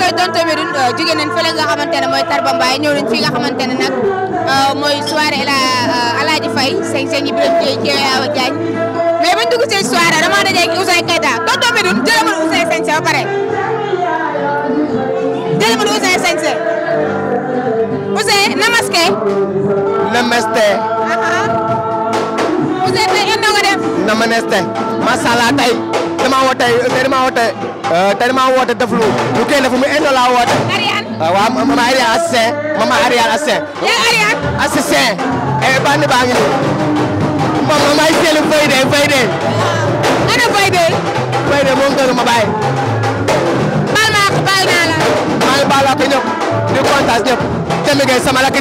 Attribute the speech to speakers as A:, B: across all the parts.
A: ak doon tamit euh, jóge
B: nañ fële nga mooy Tarba Mbaye ñëw nañ fii nga euh, mooy soirée la euh, Alaaji Faye sëñ sëñ Ibrahima Dieng Dieng Diagne mais bañ dugg seen soirée dama dajee ak Ouzin Keita tonton Medoune jëlamal Ouzin sañse ba pare jëlamal Ouzin sañse Ouzin namaste namaste ah, ah.
A: ma woote tey ma woote euh, tey ma lu lu kenn fu mu endo laa woote. Ariane euh, waaw maman Ariane Assé maman Ariane Assé. yow Ariane. Assé Sèye. Eh, bànn baa ngi nii moom moom ana Fayde. Fayde moom gënu ma bàyyi. baal maa maa ngi baal ñëpp di kontaan ñëpp Jami sama lakk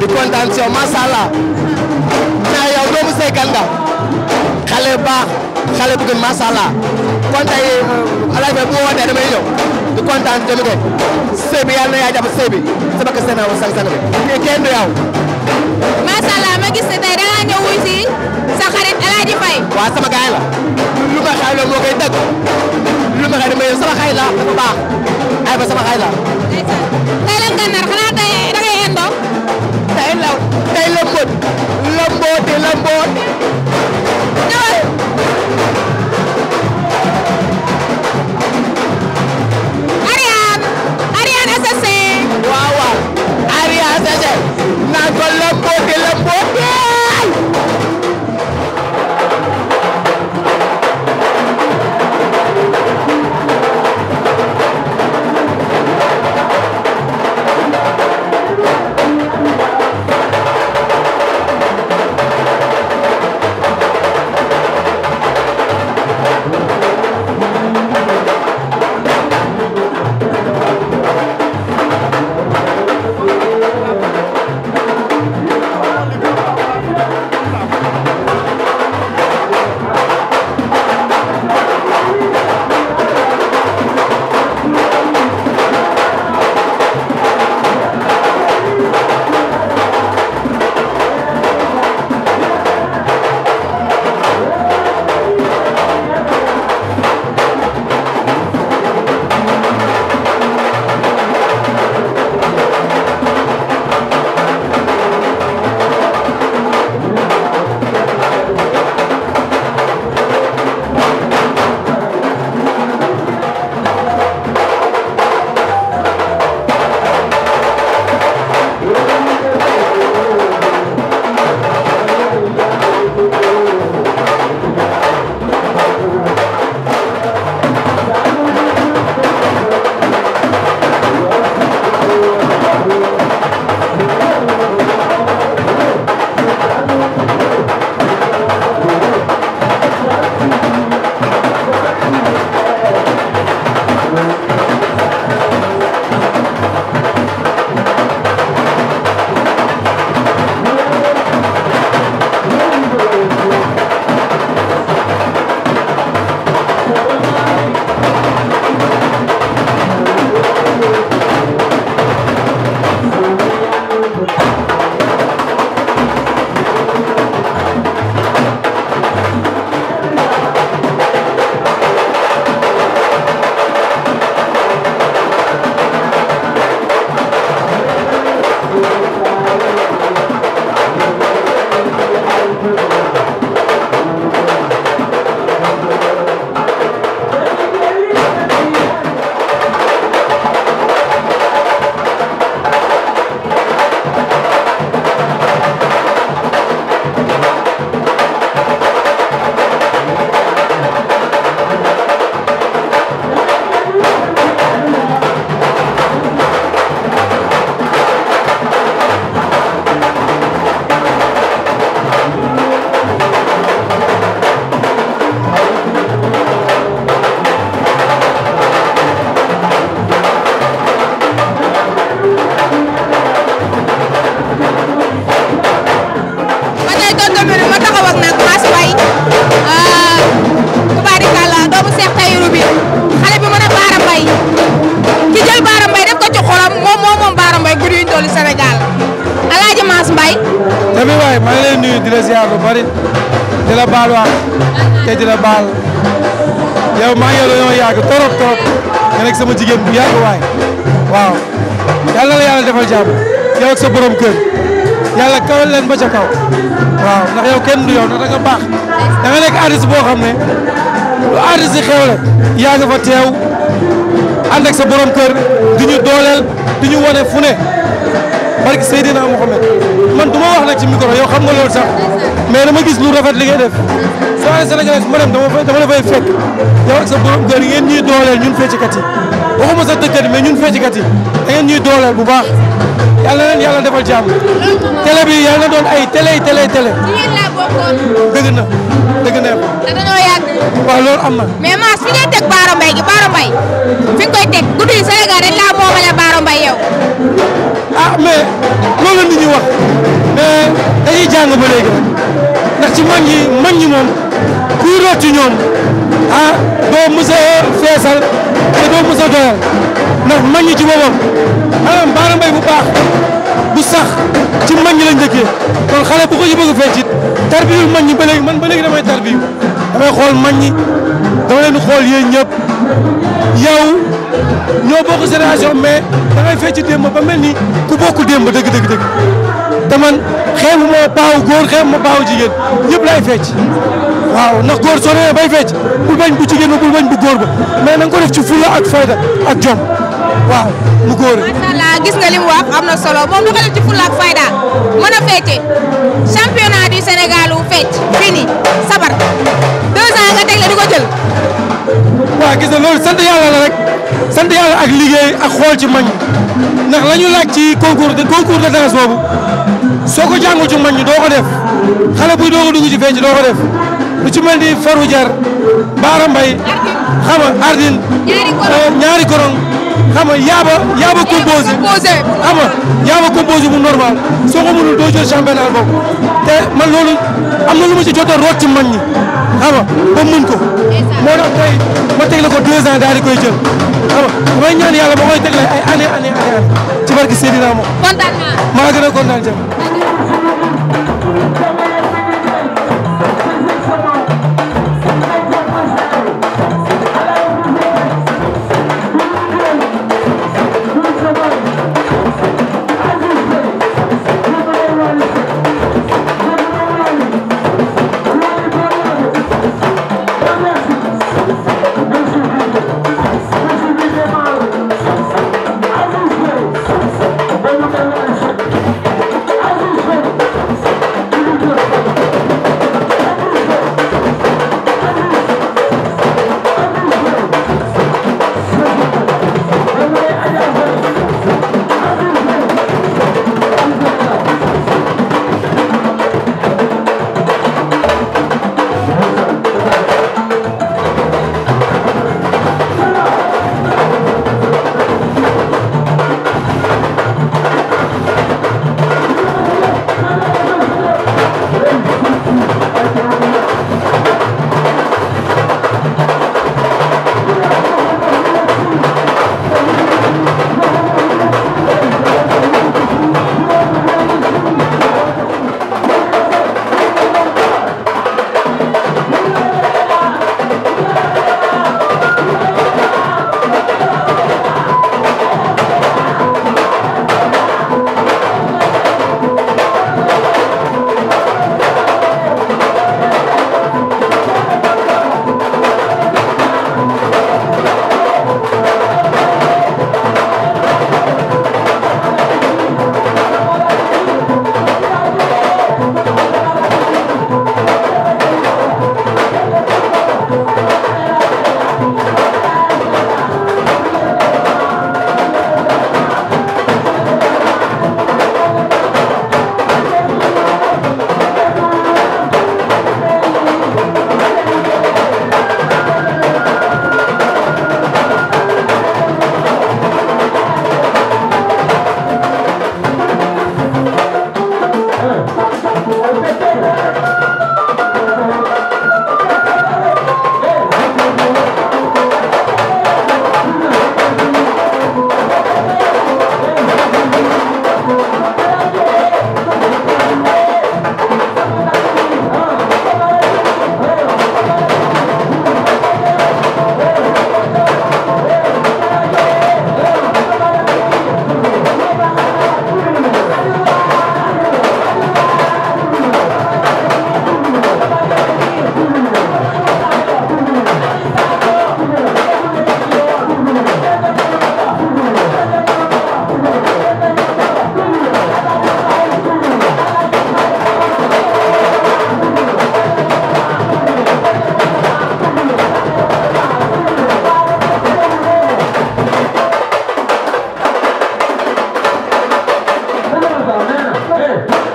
A: di kontaan si yow macha naa yow doomu Sénégal nga xale xale bu gën macha allah kon fay bu ma wootee di kontaan jëm de sëy bi yàlla
B: na yaa jàpp sëy bi sama kese naa woo sang-sang bi kenn ma gis ne tey da ngaa ñëw Fay. waaw sama gaay la lu ma xay loo moo koy dëgg lu ma xay damay yow sama xay la dafa baax ay ba sama xay la.
A: tey lan nga nar xanaa tey da ngay indoo. tey law tey lëmboot la ziar bu bari di la baal wax te di la baal yow maa ngi yow dañoo yàgg torop torop nga nekk sama jigéen bu yàgg waay waaw yàlla la yàlla defal jàmm sa borom kër yàlla kawal leen ba ca kaw waaw ndax yow kenn du yow da nga baax nekk artiste boo xam ne lu artiste yi xew yaa nga fa teew ànd ak sa borom kër di ñu dooleel wane fu ne barki Seydina Mohamed man du ma wax nag ci micro yow xam nga loolu sax mais dama gis lu rafet li ngay def soirée sénégalaise ma dem dama dama la fay fekk yow ak sa borom kër ngeen ñuy dooleel ñun feccikat waxuma sa tëkkat yi mais ñun feccikat yi da ngeen ñuy dooleel bu baax yàlla na leen yàlla defal jàmm télé bi yàlla na doon ay télé télé télé.
B: dëgg na dëgg na yàlla. te dañoo yàgg. am na. mais Mass fi ngay teg Baara gi Baara Mbaye fi nga koy teg guddi Sénégal dañ laa moomale Baara Mbaye yow. ah mais loolu la nit ñi wax mais dañuy jàng ba
A: léegi ndax ci mag ñi mag moom. kuy root ci ñoom ah doo mës a feesal te doo mës a doyal ndax ñi ci boppam ah, maanaam baara mbay bu baax bu sax ci mag ñi lañ dëkkee kon xale bu ko ci bëgg a feccit tarbiyu mag ñi ba léegi man ba léegi damay tarbiyu damay xool mag ñi dama leen di xool yéen ñëpp yow ñoo bokk génération mais dangay fecci démb ba ni ku bokk démb dëgg dëgg dëgg te man xeebu ma baaw góor xeebu ma baaw jigéen ñëpp laay fecc waaw ndax góor soo demee bay fecc bul bañ bu jigéen ba bul bañ bu góor ba mais na nga ko def ci fulla ak fayda ak jom waaw mu góor macha
B: allah gis nga li mu wax am na solo moom da ko def ci fulla ak fayda mën a fecce championnat du Sénégal wu fecc fini sabar deux ans
A: yàlla la rek sant yàlla ak liggéey ak xool ci mañ ndax la ñu laaj ci concours de concours de danse boobu soo ko jàngu ci mañ doo ko def xale buy doo ko dugg ci fecc doo ko def lu ci mel ni faru jar baara mbay xam nga ardil ñaari korong euh, xam nga yaaba yaaba composé xam nga yaaba composé bu normal soo ko mënul doo jël boobu te man loolu am na ci jot a root ci mag ñi moo tax ma teg la ko deux di koy jël xam nga may ñaan yàlla ma koy teg la ay année année année ci barke Seydina moom kontaan naa maa gën a kontaan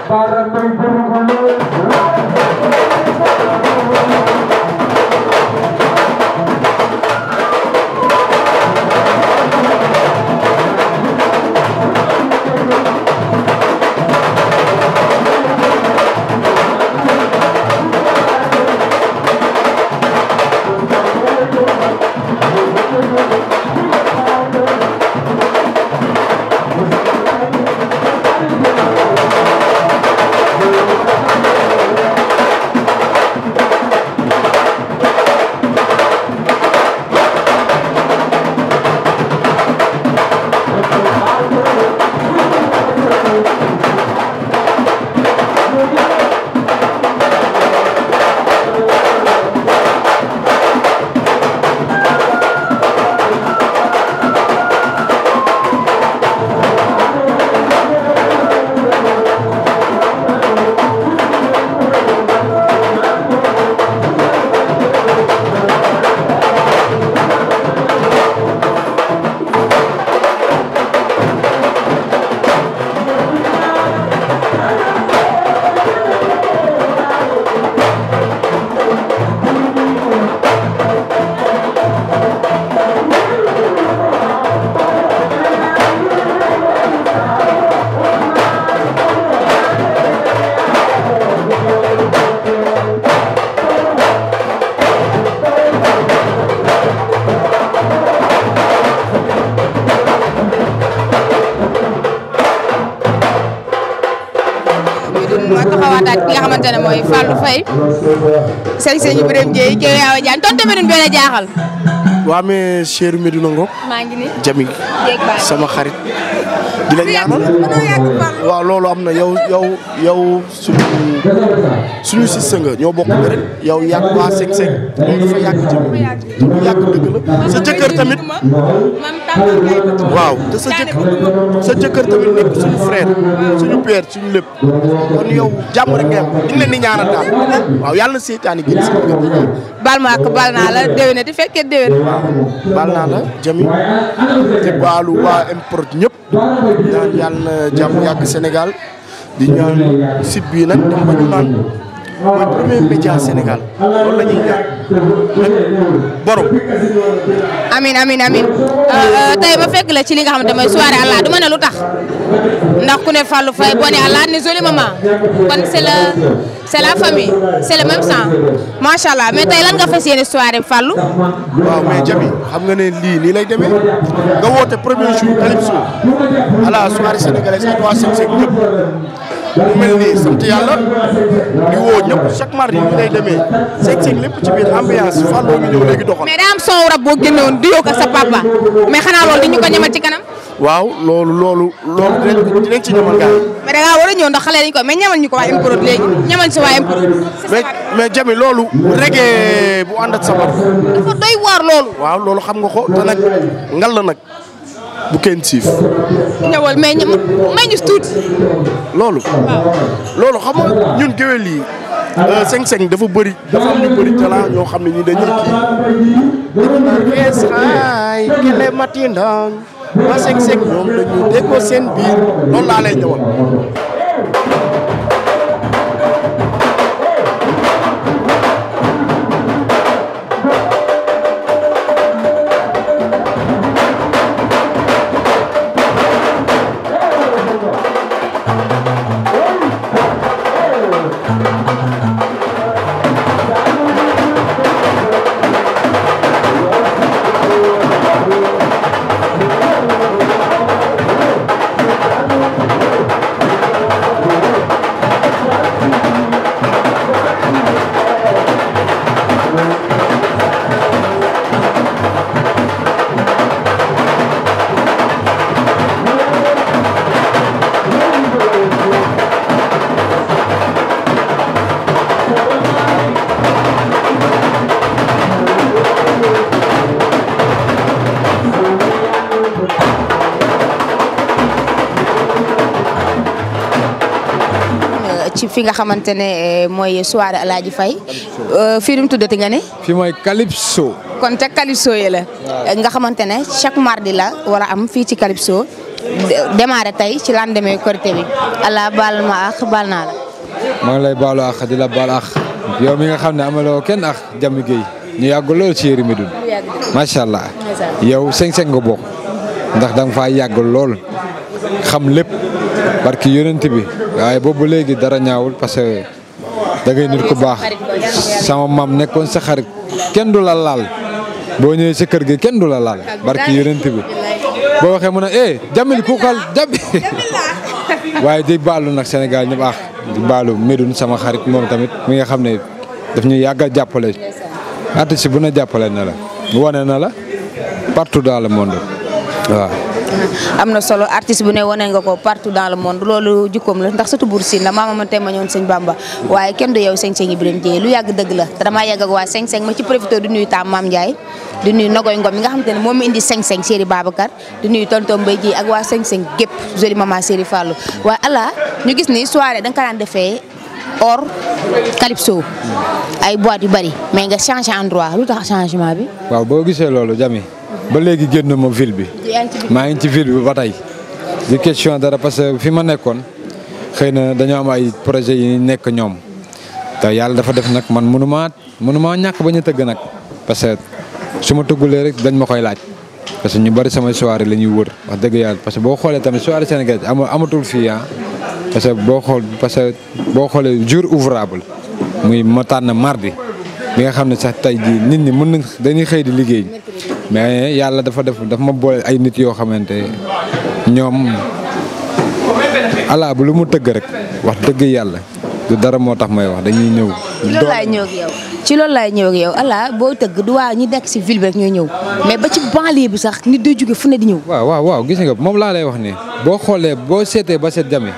A: பரப்பை பெருகுள்ளே
B: xaw a daaj ki nga xamante mooy Fallou Faye sëñ sëñ Birame Ndiaye Kelle Yaawa Diagne tontu Médoune jaaxal.
C: waa mais chère Médoune Ngop. sama xarit. di la waaw loolu am na yow yow yow suñu suñu si sënga ñoo bokk deret yow yàgg waa seng seng loolu dafa yàgg jëm tamit waaw te sa jëkkër tamit nekk suñu frère suñu père suñu lépp jàmm rek nga am di leen di ñaanal daal waaw yàlla na seetaani génn si dëgg
B: baal ma ak baal naa la déwénati fekkee déwén
C: waaw baal naa la jami te baalu waa import ñëpp ñaan yàlla jàmm yàgg Sénégal di ñaan site bii nag dem ba ñu naan mooy premier média Sénégal loolu
B: la ñuy ñaan borom. amin amin amin euh, euh, tey ba fekk la ci li nga xamante mooy soirée Allah du ma ne lu tax ndax ku ne Fallou Faye boo Allah ni jolie maman kon c'est la c'est la famille c'est le même sang macha allah mais tey lan nga fas yéene soirée Fallou. waaw
C: mais Jami xam nga ne lii nii lay demee nga woote premier jour Calypso à la soirée sénégalaise ak waa Sénégal ñëpp. mu mel ni sant yàlla di woo ñëpp chaque mardi bi lay demee seet lépp ci biir ambiance fàlloo ngi ñëw léegi
B: doxal. mais daa am son rab boo génnoon di yokk sa papa mais xanaa loolu dañu ko ñamal ci kanam.
C: waaw loolu loolu loolu dinañ dinañ ci ñamal
B: mais da ngaa war a ñëw ndax ko mais ñamal ko waa Impro mais
C: mais Jami loolu. reggae bu ànd ak sa bopp. dafa
B: doy loolu.
C: waaw loolu xam nga ko te nag ngal la nag. bu kenn siif. ñëwal may ñu may loolu. loolu xam nga ñun géwél yi. Euh, seng-seng dafa bëri dafa am bëri talent ñoo xam ne ñi dañuy kii esray kele mati ndang
B: ma seng-seng ñoom dañu
C: déggoo seen biir loolu laa lay ñëwal
B: ci fi nga xamante ne eh, mooy soirée Alaaji Fay euh, fii nu mu tuddati nga ne.
D: fi mooy Calypso.
B: kon te Calypso yi nga xamante ne chaque mardi la wala am fii ci Calypso. démarré tey ci lendemain Korité bi allah baal ma ax baal naa la.
D: maa ngi lay baalu ax di la baal ax yow mi nga xam ne amaloo kenn ax Jamy Guèye ñu yàgg lool ci Yëri Médine
A: macha allah yow
D: seng-seng nga bokk ndax da nga yàgg lool xam lépp barki yonent bi. waaye boobu léegi dara ñaawul parce que da ngay nit ku baax sama maam nekkoon sa xarit kenn du la laal boo ñëwee sa kër gi kenn du la laal barki yonent bi boo waxee mu ne eh jamil kuukal jabi waaye di baalu nag Sénégal ñu baax ah, di baalu Médoune sama xarit moom tamit mi nga xam ne daf ñu yàgg a jàppale artiste bu na jàppale na la wane na la partout dans le monde waaw
B: am na solo artiste bu ne wane nga ko partout dans le monde loolu jukkoom la ndax surtout Bour Sine la maama ma téema ñoon sëñ Bamba waaye kenn du yow sëñ-sëñ Ibrahima Dieye lu yàgg dëgg la te damaa yàgg ak waa sëñ-sëñ ne moom mi indi sëñ-sëñ Séri Babacar du nuyu tonton Mbaye ji ak waa sëñ-sëñ gépp joli maman Séri Fallou waaye ala ñu gis ni soirée da nga ko defee or calypso ay boit yu bari mais nga changé endroit lu tax changement bi
D: waaw boo gisee loolu Jami ba léegi génn ma ville bi. maa ngi ci ville bi ba tey. di question dara parce que fi ma nekkoon xëy na dañoo am ay projet yi nekk ñoom te yàlla dafa def nag man mënumaa mënumaa ñàkk ba ñu tëgg nag parce que su ma tëggulee rek dañ ma koy laaj. parce que ñu bari samay soirée la ñuy wër wax dëgg yàlla parce que boo xoolee tamit soirée Sénégal am amatul fii ah parce boo xool parce que boo xoolee jour ouvrable muy ma tànn mardi bi nga xam ne sax tey jii nit ñi mën nañ dañuy xëy di liggéey. mais yàlla dafa def dafa ma boole ay nit yoo xamante ñoom ala bu lu mu tëgg rek wax dëgg yàlla du dara moo tax may wax dañuy ñëw. ci loolu
B: ci loolu laay ñëw ak yow ala boo tëgg du waa ñi nekk si ville bi rek ñooy ñëw mais ba ci banlieue bi sax nit day jóge fu ne di ñëw.
D: waaw waaw gis nga moom laa lay wax nii boo xoolee boo seetee ba seet jame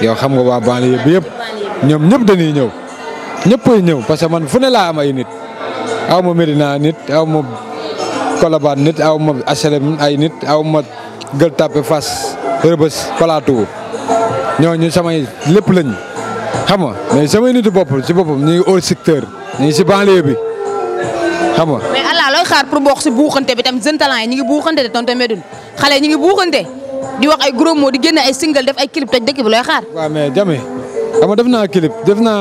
D: yow xam nga waa banlieue bi yëpp ñoom ñëpp dañuy ñëw ñëppay ñëw parce man fu ne laa am ay nit aw ma Medina Colobane nit aw ma HLM ay nit aw ma Gueule Tapée Fass samay lépp lañ xam nga mais samay nitu bopp si boppam ñu ngi au ñu ngi si banlieue bi xam nga.
B: mais allah looy xaar pour bokk si buuxante bi tam jeune talent yi ñu ngi buuxante de tonton Medoune xale ñu ngi buuxante di wax ay gros moo di génne ay single def ay clip toj dëkk bi looy xaar. waaw
D: mais Jami xam nga def naa clip def na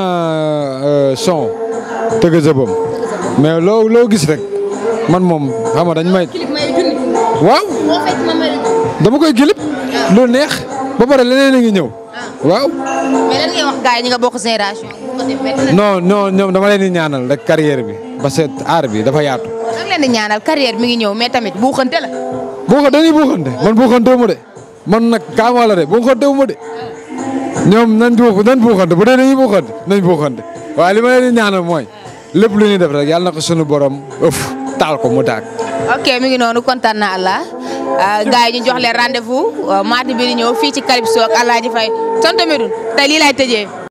D: euh, son tëgg mais loo gis rek. man moom xam nga dañ may. waaw. dama koy kilip. Ah. lu neex ba pare leneen a ngi ñëw. Ah. waaw.
B: mais lan ngay wax gars yi ñi nga bokk génération.
D: non non ñoom dama leen di ñaanal rek carrière bi parce que aar bi dafa yaatu.
B: da leen di ñaanal carrière mi ngi ñëw mais tamit buuxante la.
D: buuxante dañuy buuxante man buuxante nag kaama la de buuxante wu ma de ñoom nañ buux nañ buuxante bu dee dañuy buuxante nañ buuxante waaye li ma leen di ñaanal mooy lépp lu ñuy def rek yàlla na ko sunu borom ëff. taal ko mu ok
B: mi ngi noonu kontaan na allah euh, gars yi ñu jox leen rendez vous euh, mardi bi di ñëw fii ci Calypso ak Aladji Faye